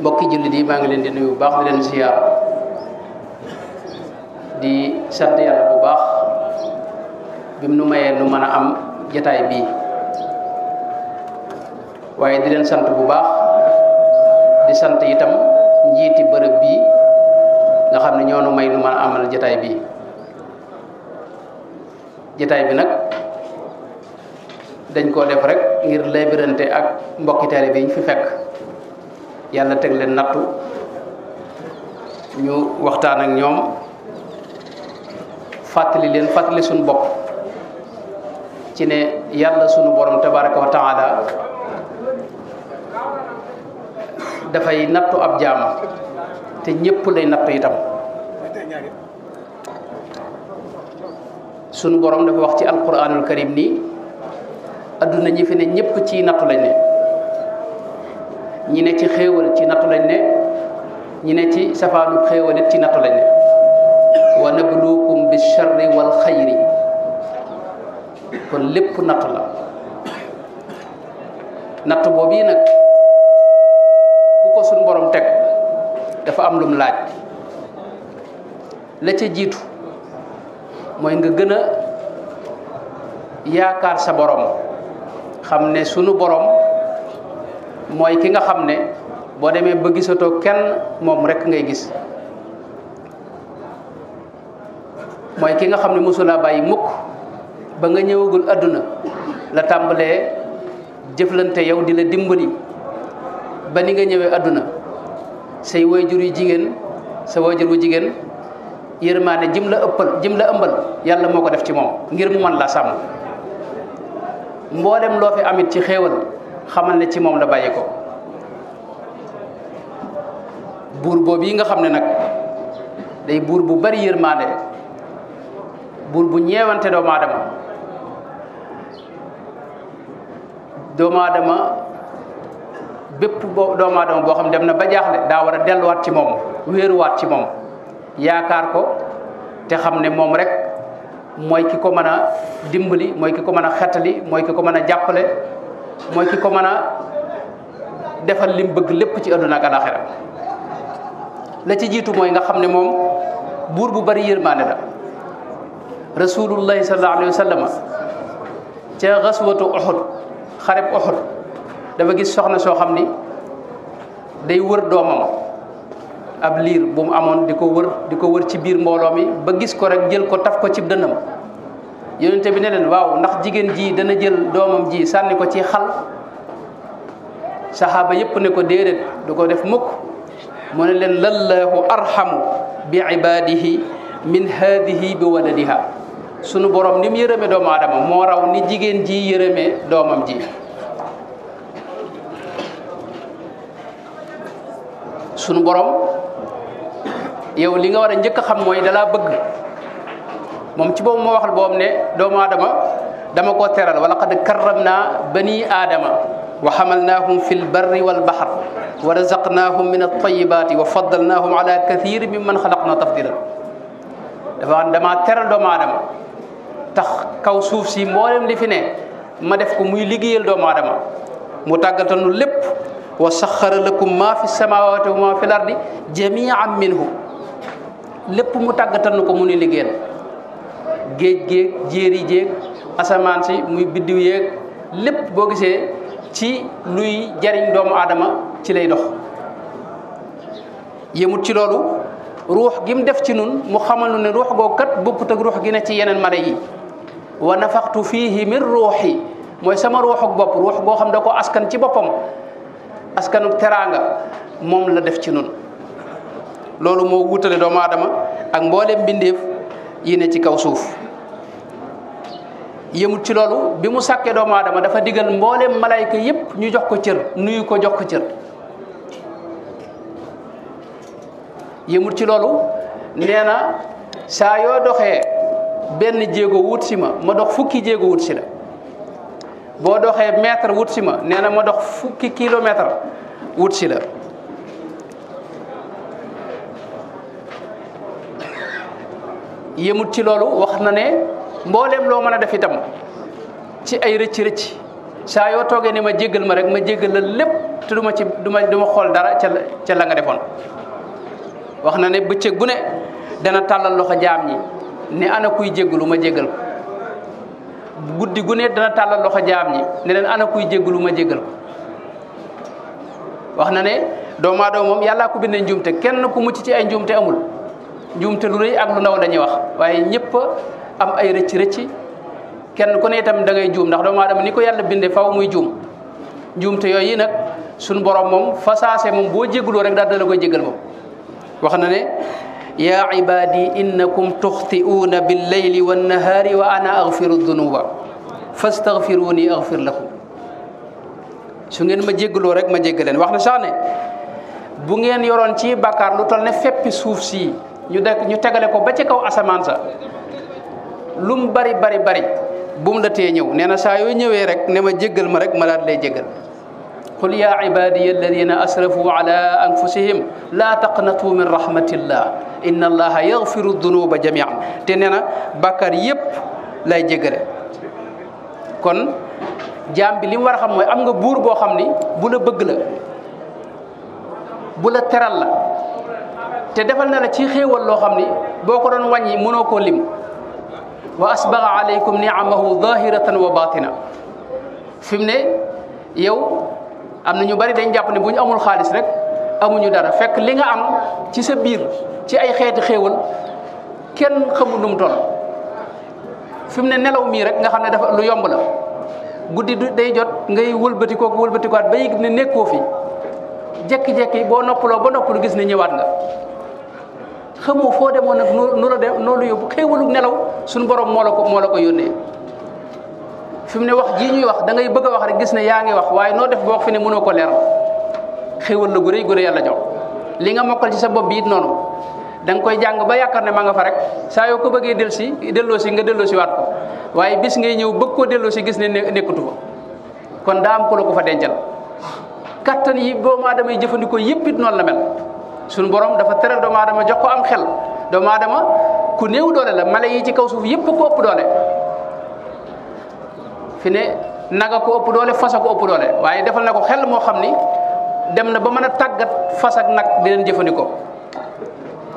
mbokki jullit yi maa ngi leen di nuyu baax di leen ziar di sant yàlla bu baax bi mu nu mayee nu mën a am jataay bii waaye di leen sant bu baax di sant itam njiiti bërëb bii nga xam ne ñoo nu may nu mën a amal jataay bii jataay bi nag dañ koo def rek ngir laybirante ak mbokki taalibe yi ñu fi fekk yàlla teg leen nattu ñu waxtaan ak ñoom fàttali leen fàttali suñu bopp ci ne yàlla sunu boroom tabaraka wa taala dafay nattu ab jaam te ñëpp lay nattu itam sunu borom dafa wax ci alquranul karim nii adduna ñi fi ne ñëpp ci nattu lañ ne ñi ne ci xéewal ci nattu lañ ne ñi ne ci safaanu xéewal ci nattu lañ ne wa nabluukum bi sharri wal xayri kon lépp nattu la nattu boobu nag ku ko suñ borom teg dafa am lum laaj la ca jiitu mooy nga gën a yaakaar sa borom xam ne sunu borom mooy ki nga xam ne boo demee ba gisatoo kenn moom rek ngay gis mooy ki nga xam ne mosulaa bàyyi mukk ba nga ñëwagul àdduna la tàmbalee jëflante yow di la dimbali ba ni nga ñëwee àdduna say waajur yu jigéen sa waajur wu jigéen yërmaane jim la ëppal jim la ëmbal yàlla moo ko def ci moom ngir mu laa la sàmm mboolem loo fi amit ci xéewal xamal ne ci moom la bàyyi ko buur boobu yi nga xam ne nag day buur bu bari yërmaande buur bu ñeewante doomu aadama doomu aadama bépp boo doomu aadama boo xam ne dem na ba jaaxle daa war a delluwaat ci moom wéeruwaat ci moom yaakaar ko te xam ne moom rek mooy ki ko mën a dimbali mooy ki ko mën a xettali mooy ki ko mën a jàppale mooy ki ko mën a defal lim bëgg lépp ci àdduna ak alaaxira la ci jiitu mooy nga xam ne moom buur bu bari yërmaane la rasulullahi sallallahu alayhi wa sallam ca xaswatu Uhud xareb dafa gis soxna soo xam ni day wër doomam ab liir bu mu amoon di ko wër di ko wër ci biir mbooloo mi ba gis ko rek jël ko taf ko ci dënnam yonente bi ne leen waaw ndax jigéen ji dana jël doomam ji sànni ko ci xal sahaba yépp ne ko déedéet du ko def mukk mu ne leen lallahu arhamu bi ibadihi min hadihi bi waladiha sunu borom ni mu yërëme doomu aadama moo raw ni jigéen ji yërëme doomam ji sunu borom yow li nga war a njëkk a xam mooy dalaa bëgg mom ci boobu mo waxal boobu ne doomu adama dama ko teral wala qad karramna bani adama wa hamalnahum fil barri wal bahr wa razaqnahum min at-tayyibati wa faddalnahum ala kathiri mimman khalaqna tafdila dafa wax dama teral doomu adama tax kaw suuf si mboolem li fi ne ma def ko muy liggéeyal doomu adama mu tagatanu lépp wa saxara lakum ma fi samawati wa ma fi l ardi jamian minhu lépp mu tàggatanu ko mu ni géej géeg jéeri jéeg asamaan si muy biddiw yéeg lépp boo gisee ci luy jariñ doomu aadama ci lay dox yëmut ci loolu ruux gi mu def ci nun mu xamal nu ne ruux googu kat bokkut ak ruux gi ne ci yeneen mala yi wa nafaxtu fiihi min yi mooy sama ruuxuk bopp ruux goo xam da ko askan ci boppam askanu teraanga moom la def ci nun loolu moo wutale doomu aadama ak mboolem mbindeef yi ne ci kaw suuf yëmut ci loolu bi mu sàkkee doomu aadama dafa digal mboolem malayka yépp ñu jox ko cër nuyu ko jox ko cër yëmut ci loolu nee na saa yoo doxee benn jéego wut ma ma dox fukki jéego wut si la boo doxee mètre wut si ma nee na ma dox fukki kilomètre wut si la yëmut ci loolu wax na ne mbooleem loo mën a def itam ci ay rëcc rëcc saa yoo toogee ne ma jéggal ma rek ma jéggal la lépp te du ma ci du ma du ma xool dara ca la nga defoon wax na ne bëccëg bu ne dana tàllal loxo jaam ñi ne ana kuy jéggalu ma jéggal guddi gu dana tàllal loxo jaam ñi ne leen ana kuy jéggalu ma jéggal wax na ne doomu aadama moom yàllaa ko bindee njuumte kenn ku mucc ci ay njuumte amul njuumte lu rëy ak lu ndaw dañuy wax waaye ñëpp am ay rëcc rëcc kenn ku ne itam da ngay juum ndax doomu aadama ni ko yàlla binde faw muy juum juumte yooyu sun borom moom fasaase moom boo jégaloo rek daal dala koy jégal ne ya ibadi innakum tuxti'uuna billayli wannahaari wa ana agfiru dunuba fastaghfiruni aghfir lakum su ngeen ma jéggaloo rek ma jéggal leen wax na sax ne bu ngeen yoroon ci bàkkaar lu toll ne feppi suuf si ñu de ñu tegale ko ba ci kaw lu mu bari bari bari bu mu la tee ñëw nee na saa yoo ñëwee rek ne ma jéggal ma rek ma daal lay jéggal qul ya ibadiya alladina asrafu ala anfusihim la taqnatu min rahmatillah inna allaha yaghfiru dunuba jamian te nee na bàkkaar yépp lay jéggale kon jaam bi li mu war a xam mooy am nga buur boo xam ni bu la bëgg la bu la teral la te defal na la ci xéewal loo xam ni boo ko doon wàññi mënoo koo lim وأسبغ عليكم نعمه ظاهرة وباطنة فيمنا يو أم نيو باري دين جابني بني أمول خالص رك أم نيو دارا فك لينا أم تيسا بير تي أي خيات خيول كن خمو نوم دون فيمنا نلو ميرك نخم ندف لو يوم بلا gudi day jot ngay wulbeuti ko wulbeuti ko bay ne nekko fi jek jek bo noppulo bo noppulo gis ni ñewat nga xamoo foo demoon nag nu la dem noonu yóbbu xéewalug nelaw suñu borom moo la ko moo la ko yónnee fi mu ne wax jii ñuy wax da ngay bëgg wax rek gis ne yaa ngi wax waaye noo def ba wax fi ne mënoo ko leer xéewal la gu rëy gu ne yàlla jox li nga mokkal ci sa bopp bi it noonu da nga koy jàng ba yaakaar ne ma nga fa rek saa yoo ko bëggee del si delloo si nga delloo si waat ko waaye bis ngay ñëw bëgg koo delloo si gis ne nekkatu fa kon daa am ko la ko fa dencal kattan yi doomu aadama yi jëfandikoo yëpp it noonu la mel sunu borom dafa tëral doomu aadama jox ko am xel doomu maadama ku néew doole la mala yi ci kaw suuf yëpp ko ëpp doole fi ne naga ko ëpp doole fas ko ëpp doole waaye defal na ko xel moo xam ni dem na ba mën a tàggat fas nag di jëfandikoo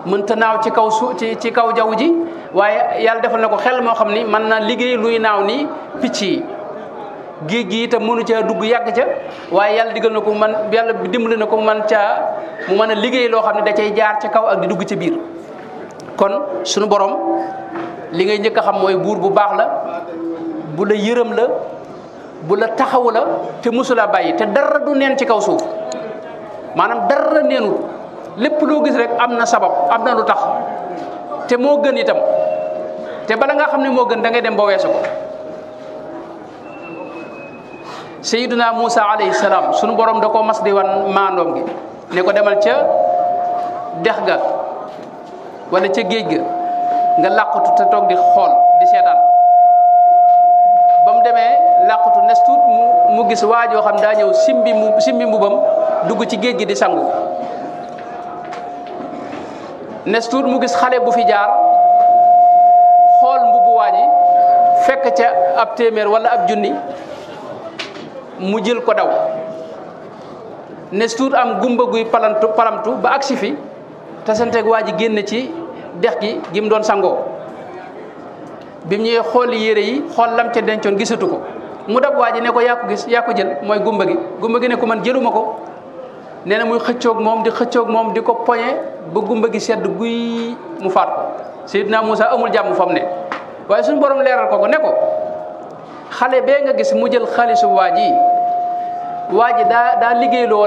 mënta naaw ci kaw su ci kaw jaww ji waaye yàlla defal na ko xel moo xam ni mën naa liggéey luy naaw nii picc yi géej gi itam mënu caa dugg yàgg ca waaye yàlla digal na ko man yàlla dimbali na ko man caa mu man a liggéey loo xam ne da cay jaar ca kaw ak di dugg ca biir kon suñu borom li ngay njëkk a xam mooy buur bu baax la bu la yërëm la bu la taxawu la te mosula bàyyi te dara du neen ci kaw suuf maanaam dara neenul lépp loo gis rek am na sabab am na lu tax te moo gën itam te bala nga xam ne moo gën dangay dem ba weesu ko sayyiduna musa alayhi salam sunu borom da mas di wan mandom gi ne ko demal ca dex ga wala ca geej ga nga laqatu tok di xol di setan bam deme laqatu nes tut mu mu gis xam da ñew simbi mu simbi mbubam dugg ci geej gi di sangu nes tut mu gis xale bu fi jaar xol mbubu waji fekk ca ab témèr wala ab junni mu jël ko daw ne suut am gumba guy palantu palamtu ba agsi fi te waa ji génn ci dex gi gi mu doon sangoo bi mu ñëwee xool yére yi xool lam ca dencoon gisatu ko mu dab waa ji ne ko yaa ko gis yaa jël mooy gumba gi gumba gi ne ko man jëluma ko nee na muy xëccoog moom di xëccoog moom di ko poñe ba gumba gi sedd guy mu faat ko Seydina Moussa amul jàmm fa ne waaye suñu borom leeral ko ko ne ko xale be nga gis mu jël xaalisu waji waji da da daa daa liggéeylu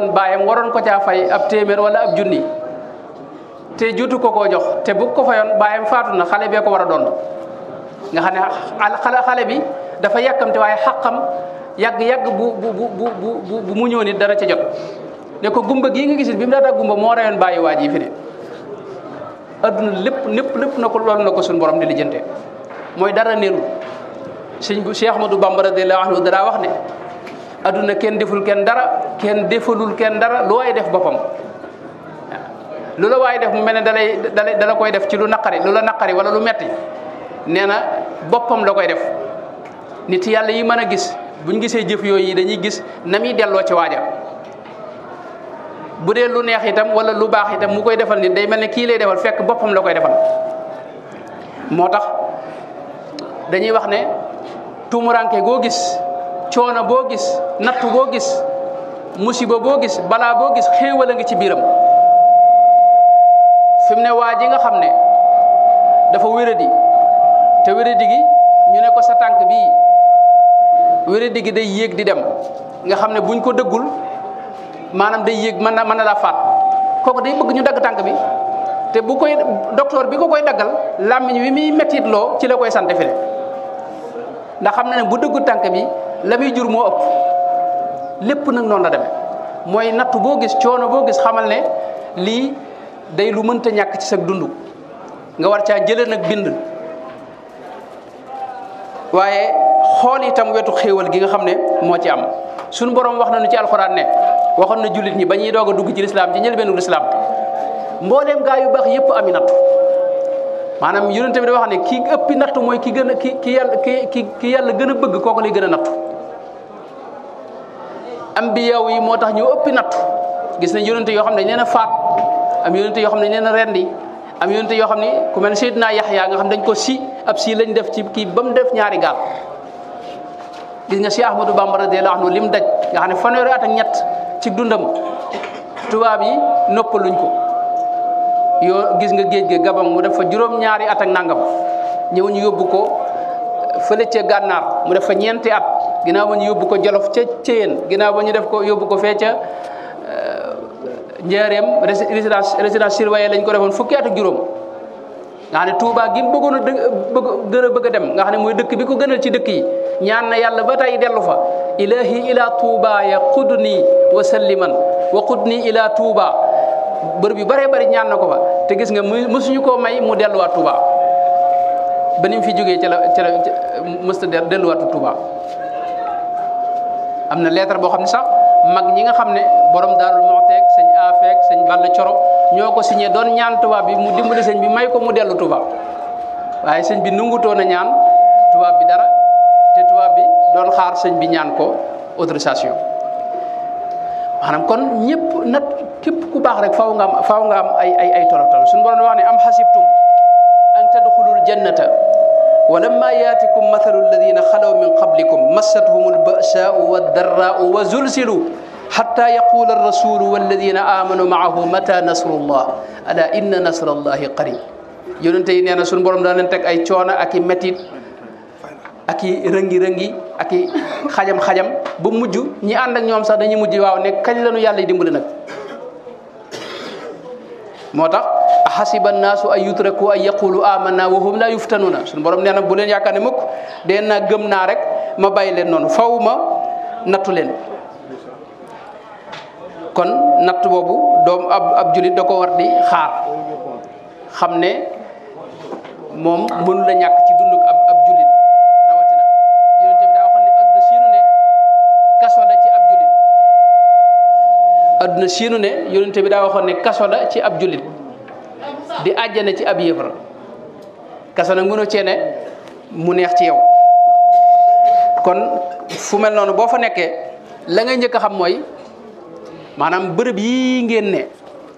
ko caa fay ab téeméer wala ab junni te juutu ko koo jox te bu ko fayoon bàyyam faatu na xale be ko wara a doon nga xam ne xale xale bi dafa yàkkamte waaye xàqam yàgg-yàgg bu bu bu bu bu bu mu ñëw nit dana ca jot ne ko gumba gii nga gisit bi mu daataa gumba moo rayoon bàyyi waa ji fi ne adduna lépp lépp lépp na ko loolu na borom di dara sëñ bu Cheikh Ahmadou Bamba radiyallahu anhu danaa wax ne adduna kenn deful kenn dara kenn defalul kenn dara lu waay def boppam lu la waay def mu mel ne dalay dalay dala koy def ci lu naqari lu la naqari wala lu metti nee na boppam la koy def nit yàlla yi mën a gis buñ gisee jëf yooyu dañuy gis na muy delloo ci waaja bu dee lu neex itam wala lu baax itam mu koy defal nit day mel ne kii lay defal fekk boppam la koy defal moo tax dañuy wax ne tumuranke goo gis coono boo gis natt boo gis musiba boo gis balaa boo gis xéewal a ci biiram fi mu ne waa ji nga xam ne dafa wéradi te wéradi gi ñu ne ko sa tànk bi wéradi gi day yéeg di dem nga xam ne buñ ko dëggul maanaam day yéeg mën na mën na laa faat kooku day bëgg ñu dagg tànk bi te bu koy docteur bi ko koy daggal làmmiñ wi muy mettit loo ci la koy sant fi ne ndax xam na ne bu dëggu tànk bi la jur moo ëpp lépp nag noonu la demee mooy nattu boo gis coono boo gis xamal ne lii day lu mënta ñàkk ci sa dund nga war caa jëlee nag bind waaye xool itam wetu xéewal gi nga xam ne moo ci am suñu borom wax na nañu ci alxuraan ne waxoon na jullit ñi ba ñuy doog a dugg ci lislaam ci njëlbeenu lislaam mbooleem gaa yu baax yëpp ami nattu maanaam yonent bi da wax ne ki ëpp nattu mooy ki gën a ki ki yàlla ki ki yàlla gën a bëgg kooku lay gën a nattu ambiyaw yi moo tax ñëw ëppi nattu gis nañ yonent yoo xam ne dañ leen a faat am yonent yoo xam ne dañ leen a rendi am yonent yoo xam ne ku mel ne Seydina Yaxya nga xam dañ ko si ab si lañ def ci kii ba mu def ñaari gaal gis nga si Ahmadou Bamba radiyallahu anhu lim daj nga xam ne fanweeri at ak ñett ci dundam tubaab yi noppaluñ ko yoo gis nga géej gi gabam mu def fa juróom-ñaari at ak nangam ñëw ñu yóbbu ko fële ca gànnaar mu def fa ñeenti at ginnaaw ba ñu yóbbu ko jolof ca Ceyeen ginnaaw ba ñu def ko yóbbu ko fee ca euh, Njaareem résidence résidence surveillée lañ ko defoon fukki at ak juróom. nga xam ne Touba gi mu bëggoon a dë bëgg gën bëgg dem nga xam ne mooy dëkk bi ko gënal ci dëkk yi ñaan na yàlla ba tey dellu fa ilahi ila Touba ya qudni wa salliman wa qudni ila Touba. bërëb yu bare bari ñaan na ko nyuko te gis nga mësuñu koo may mu delluwaat tuba ba ni fi jógee ca la ca la mësta tuba am na lettre boo xam sax mag ñi nga borom darul mautek sëñ afek sëñ balla coro ñoo ko signé doon ñaan tuba bi mu dimbali sëñ bi may ko mu dellu tuba waaye sëñ bi nungutoo na ñaan tuba bi dara te tuba bi doon xaar bi ñaan ko autorisation maanaam kon nyep nat képp ku baax rek faaw nga am faaw nga am ay ay ay tolotol suñu borom wax ne am xasibtum an tadxulul jannata ولما ياتكم مثل الذين خلوا من قبلكم مستهم البأساء والضراء وزلزلوا حتى يقول الرسول والذين آمنوا معه متى نصر الله ألا إن نصر الله قريب yonente yi nee na suñu borom daa leen teg ay coono ak i métit ak i rëngi-rëngi ak i xajam-xajam ba mujj ñi ànd ak ñoom sax dañuy mujj waaw ne kañ lañu yàlla yi dimbali nag moo tax ahasiba naasu ay yutraku ay yaqulu amanna wa hum la yuftanuna a borom nee na bu leen yaakaar ne mukk dee naa gëm naa rek ma bàyyi leen noonu faw ma nattu leen kon natt boobu doom ab ab julit da ko war di xaar xam ne moom mënu la ñàkk adduna siinu ne yonent bi daa waxoon ne kaso la ci ab jullit di àjjana ci ab yéefar kaso nag mënu mu neex ci yow kon fu mel noonu boo fa nekkee la ngay njëkk a xam mooy maanaam bërëb yii ngeen ne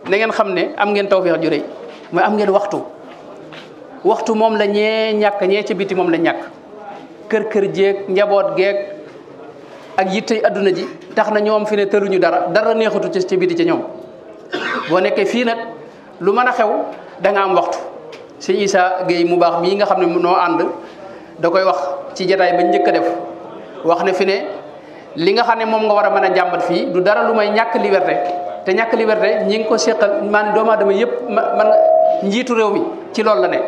na ngeen xam ne am ngeen tawfeex ju rëy mooy am ngeen waxtu waxtu moom la ñee ñàkk ñee ca biti moom la ñàkk kër kër jéeg njaboot geeg ak yittey adduna ji tax na ñoom fi ne tëluñu dara dara neexatu ci ci biti ci ñoom boo nekkee fii nag lu mën a xew danga am waxtu sëñ Issa géey mu baax mii nga xam ne noo ànd da koy wax ci jataay ba njëkk a def wax ne fi ne li nga xam ne moom nga war a mën a jàmbat fii du dara lu may ñàkk liberté te ñàkk liberté ñi ngi ko seqal man doomu aadama yëpp man njiitu réew mi ci loolu la ne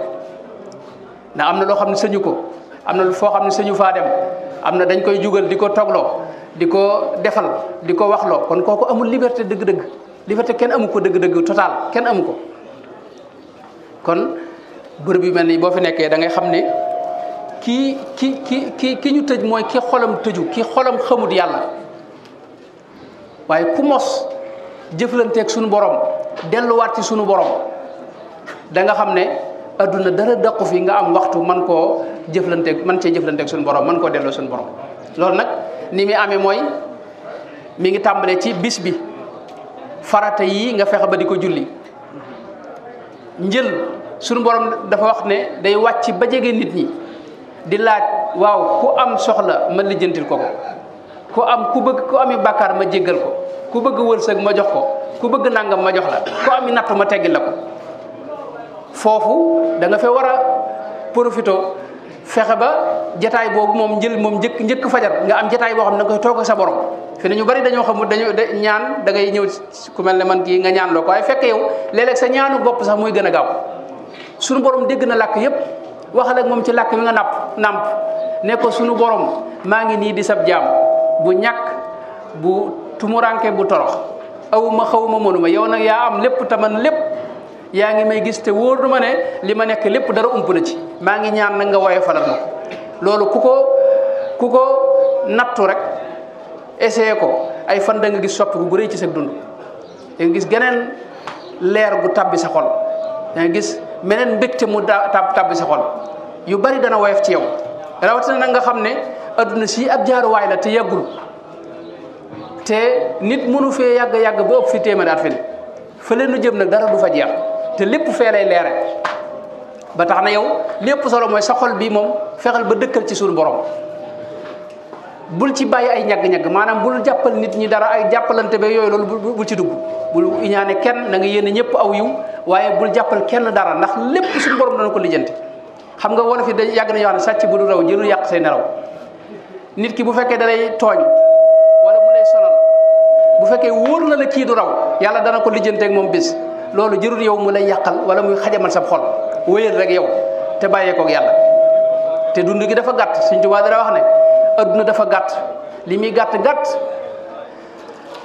ndax am na loo xam ne sëñu ko am na foo xam ne sëñu faa dem amna na dañ koy jugal di ko togloo di ko defal di ko kon kooku amul liberté dëgg-dëgg liberté kenn amu ko dëgg-dëgg total ken amu ko kon bërëb yu mel nii boo fi nekkee da ngay ki ki ki ki ki ñu tëj ki xolam tuju, ki xolam xamut yàlla waaye ku mos jëflanteeg sunu borom delluwaat ci sunu borom da nga aduna dara daqu fi nga am waxtu man koo jëflante man cee jëflanteeg suñu borom man koo delloo suñu borom loolu nag ni mi amee mooy mi ngi tàmbalee ci bis bi farata yi nga fexe ba ko julli njël borom dafa wax day wàcc ba jege nit ñi di laaj waaw ku am soxla ma lijjantil ko ko ku am ku bëgg ku ami bakar ma jéggal ko ku bëgg wërsëg ma jox ko ku bëgg nangam ma jox la ku ami nattu ma la ko Fofu da nga fe war a profito fexe ba jataay boobu moom njël moom njëkk njëkk fajar nga am jataay boo xam ne da koy toog sa borom fi ñu bari dañoo xamul dañu ñaan da ngay ñëw ku mel ne man kii nga ñaan la ko waaye fekk yow léeg-léeg sa ñaanu bopp sax muy gën gaaw sunu borom dégg na làkk yépp waxal ak moom ci làkk bi nga napp namp ne ko sunu borom maa ngi nii di sab jaam bu ñàkk bu tumuranke bu torox aw ma xaw ma yow nag yaa am lépp taman lépp yaa ngi may gis te wóor na ma ne li ma nekk lépp dara ump na ci maa ngi ñaan nag nga woye falal ma loolu ku ko ku ko nattu rek essayé ko ay fan danga gis soppi bu rëy ci sa dund da nga gis geneen leer gu tàbbi sa xol da gis meneen mbégte mu da tàbbi sa yu bari dana woyof ci yow rawatina nag nga xam ne adduna si ab jaaruwaay la te yàggul te nit mënu fee yàgg-yàgg ba ëpp fi téeméer at fi fële nu jëm nag dara du fa jeex te lépp fee lay leere ba tax na yow lépp solo mooy sa xol bii moom fexeel ba dëkkal ci suñu borom bul ci bàyyi ay ñagg-ñagg maanaam bul jàppal nit ñi dara ay jàppalante ba yooyu loolu bul ci dugg bul iñaane kenn na nga yéene ñëpp aw yiw waaye bul jàppal kenn dara ndax lépp suñu borom dana ko lijjanti xam nga wolof yi da yàgg nañu wax ne sàcc bu du raw yàq say nelaw nit ki bu fekkee dalay tooñ wala mu lay sonal bu fekkee wóor na la kii du raw yàlla dana ko lijjanteeg moom bis loolu jërul yow mu lay yàqal wala muy xajamal sa xol wéyal rek yow te bàyyeekook yàlla te dund gi dafa gàtt suñ Tuubaa dara wax ne adduna dafa gàtt li muy gàtt gàtt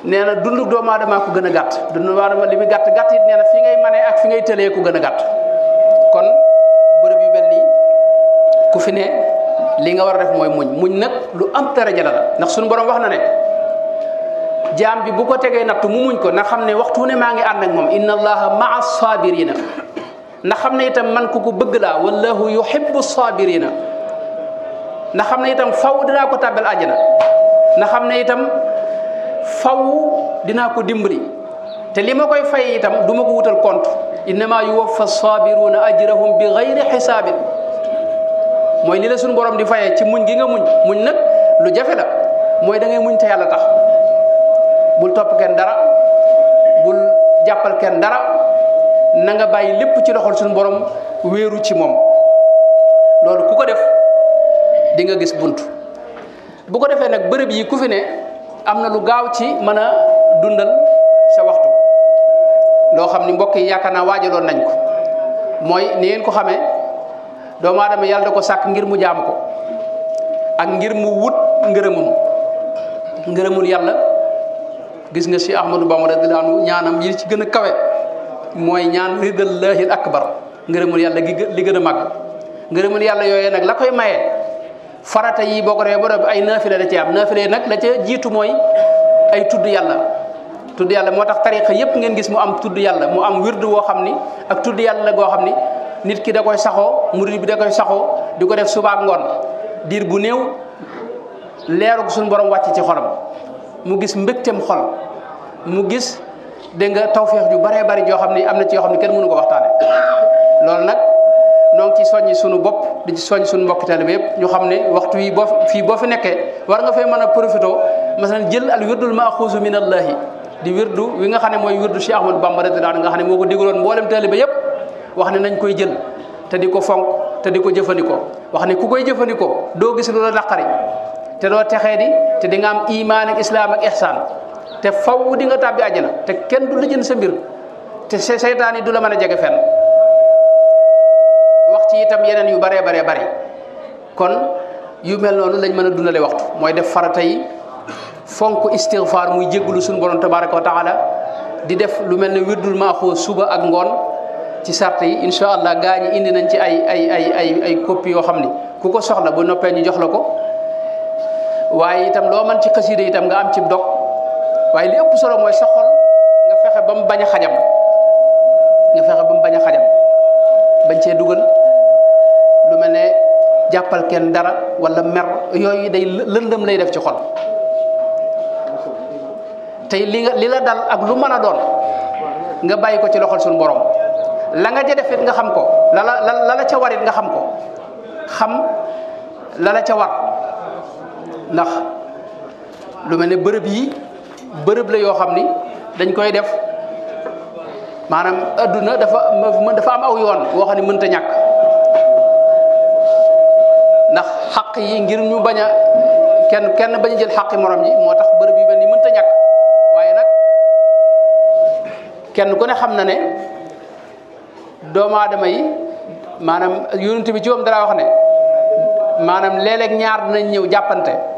nee na dundu doomu aadama ko gën a gàtt dundu doomu li muy gàtt gàtt it na fi ngay manee ak fi ngay tëlee ko gën a gàtt kon bërëb yu mel nii ku fi ne li nga war a def mooy muñ muñ nag lu am daraja la ndax suñu borom wax na ne jaam bi bu ko tegee nattu mu muñ ko na xam ne waxtu ne maa ngi ànd ak moom inna allaha maa sabirina na xam ne itam man ko ko bëgg laa wallahu yuhibbu sabirina na xam ne itam faw dinaa ko tàbbal àjjana na xam ne itam faw dinaa ko dimbali te li ma koy fay itam du ma ko wutal compte innama yuwaffa sabiruna ajrahum bi gayri xisaabin mooy li la suñu borom di fayee ci muñ gi nga muñ muñ nag lu jafe la mooy da ngay muñ te yàlla tax bul topp kenn dara bul jàppal kenn dara nanga bàyyi lépp ci loxol suñu borom wéeru ci moom loolu ku ko def di nga gis bunt bu ko defee nag bërëb yi ku fi ne am na lu gaaw ci mën a dundal sa waxtu loo xam ni mbokk yi yaakaar naa waajaloon nañ ko mooy ni ngeen ko xamee doomu aadama yàlla da ko sàkk ngir mu jaam ko ak ngir mu wut ngërëmum ngërëmul yàlla gis nga si Ahmadou Bamba radiyallaahu anhu ñaanam yi ci gën a kawe mooy ñaan ridallaahil akbar ngërëmul yàlla gi li gën a màgg ngërëmul yàlla yooyee nag la koy maye farata yi boo ko dee defee bi ay naafila da ci am naafila nag la ca jiitu mooy ay tudd yàlla tudd yàlla moo tax tariqa yépp ngeen gis mu am tudd yàlla mu am wird woo xam ni ak tudd yàlla goo xam ni nit ki da koy saxoo murid bi da koy saxoo di ko def suba ngoon diir bu néew leerug suñu borom wàcc ci xolam mu gis mbégteem xol mu gis dégg nga tawféex ju baree bari joo xam ne am na ci yoo xam ne kenn mënu ko waxtaane loolu nag noo ngi ci soññi sunu bopp di ci soññ sunu mbokki taalibe yëpp ñu xam ne waxtu yi boo fii boo fi nekkee war nga fay mën a profité masalan jël al wirdul maaxuusu min allahi di wirdu wi nga xam ne mooy wirdu Cheikh Ahmadou Bamba radiyallaahu anhu nga xam ne moo ko digaloon mboolem taalibe yëpp wax ne nañ koy jël te di ko fonk te di ko jëfandikoo wax ne ku koy jëfandikoo doo gis lu la naqari te doo texee di te di nga am imaan ak islaam ak ihsaan te faw di nga tàbbi àjjana te kenn du lijjën sa mbir te seytaan yi du la mën a jege fen wax ci itam yeneen yu baree baree bari kon yu mel noonu lañ mën a dundale waxtu mooy def farata yi fonk istighfar muy jéggulu suñu borom tabaraka wa taala di def lu mel ne wirdul maaxoo suba ak ngoon ci sart yi incha allah gaa ñi indi nañ ci ay ay ay ay ay copie yoo xam ni ku ko soxla bu noppee ñu jox la ko waaye itam loo man ci xasida itam nga am ci dog waaye li ëpp solo mooy sa xol nga fexe ba mu bañ a xajam nga fexe ba mu xajam bañ cee dugal lu mel ne jàppal dara wala mer yooyu day lëndëm lay def ci xol tey li nga li la dal ak lu mën a doon nga bàyyi ko ci loxol suñu borom la nga ja defit nga xam ko la la la la ca warit nga xam ko xam la la ca war ndax lu mel ne bërëb yi bërëb la yoo xam ni dañ koy def maanaam adduna dafa dafa am aw yoon woo ne mënta ñàkk ndax xaq yi ngir ñu bañ a kenn kenn bañ jël xaqi morom yi moo tax bërëb yi mel ni mënta ñàkk waaye nag kenn ku ne xam na ne doomu aadama yi maanaam yonent bi ci moom dara wax ne maanaam léeg ñaar dinañ ñëw jàppante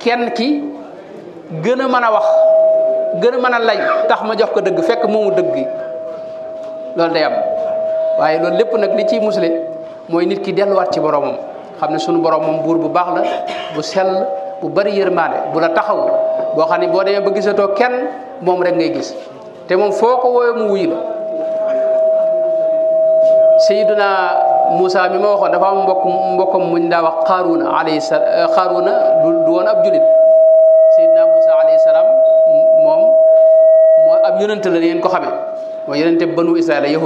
kenn ki gën a mën a wax gën a mën a lay tax ma jox ko dëgg fekk moomu dëgg gi loolu day am waaye loolu lépp nag li ciy musle mooy nit ki delluwaat ci boromam xam ne sunu borom moom buur bu baax la bu sel bu bari yërmaane bu la taxaw boo xam ne boo demee ba gisatoo kenn moom rek ngay gis te moom foo ko wooyee mu wuyu la Moussa mi ma waxoon dafa am mbokk mbokkam muñ daa wax Xaaruuna alayhi salaam euh, Xaaruuna du du woon ab julit Seydina Moussa alayhi salaam moom moo ab yonent la ngeen ko xamee mooy yonente banu Israaël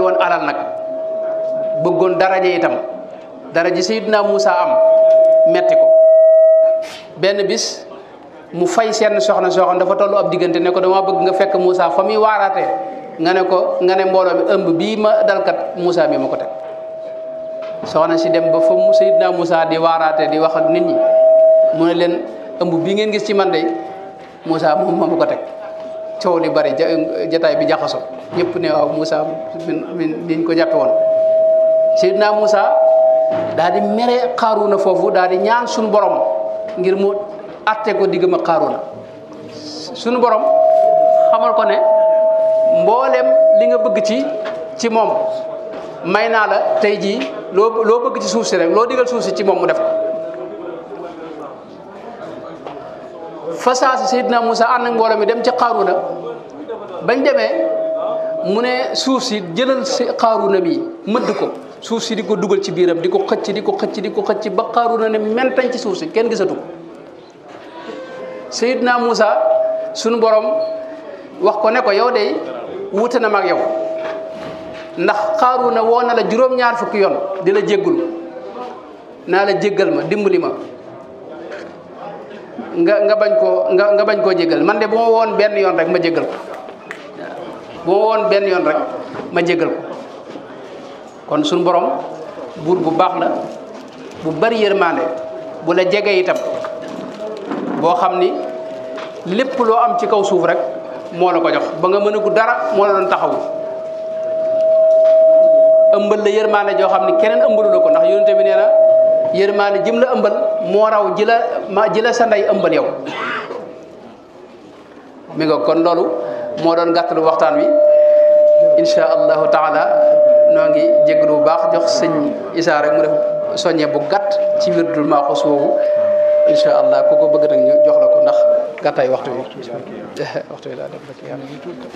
woon alal nag bëggoon daraja itam daraja Seydina Moussa am metti ko benn bis. mu fay seen soxna soxna dafa tollu ab diggante ne ko dama bëgg nga fekk Moussa fa muy nga ne ko nga ne mbooloo mi ëmb bii ma dalkat Moussa mi ma ko Musa soxna si dem ba fa Moussa di waaraatee di wax ak nit ñi mu ne Musa ëmb bii ngeen gis ci man de Moussa moom ma ko teg li bari bi jaxaso ne waaw Moussa min ko Moussa mere xaaru fofu foofu ñaan borom ngir atte ko diggam ak Xaaruuna sunu borom xamal ko ne mboolem li nga bëgg ci ci moom may naa la tey jii loo loo bëgg ci suuf si rek loo digal suuf si ci moom mu def ko fasaasi Seydina Moussa ànd ak mbooloo mi dem ci Xaaruuna bañ demee mu ne suuf si jëlal si Xaaruuna mi mëdd ko suuf si di ko dugal ci biiram di ko xëcc di ko xëcc di ko xëcc ba Xaaruuna ne mentañ ci suuf si kenn gisatu ko sayyidina musa sunu borom wax ko ne ko yow day wuute na mag yow ndax xaaruna woo na la juróom ñaar fukki yoon di la jéggul naa la jéggal ma dimbali ma nga nga bañ koo nga nga bañ koo jégal man de bu ma woon yoon rek ma jégal ko bu yoon rek ma ko kon suñu borom buur bu baax la bu bari bu la itam boo xam ni lépp am ci kaw suuf rek moo la ko jox ba nga mënagu dara moo la doon taxawu ëmbal la yërmaane joo xam ni keneen ëmbalu la ko ndax yonente bi nee na yërmaane jëm la ëmbal moo raw ji la ma ji sa ndey ëmbal yow mi nga kon wi insha allahu taala noo ngi jéglu jox sëñ isaa rek mu def soññe bu ci wirdul xos incha allah ku ko bëgg nag ñu jox la ko ndax gàttaay waxtu wi waxtu wi laa def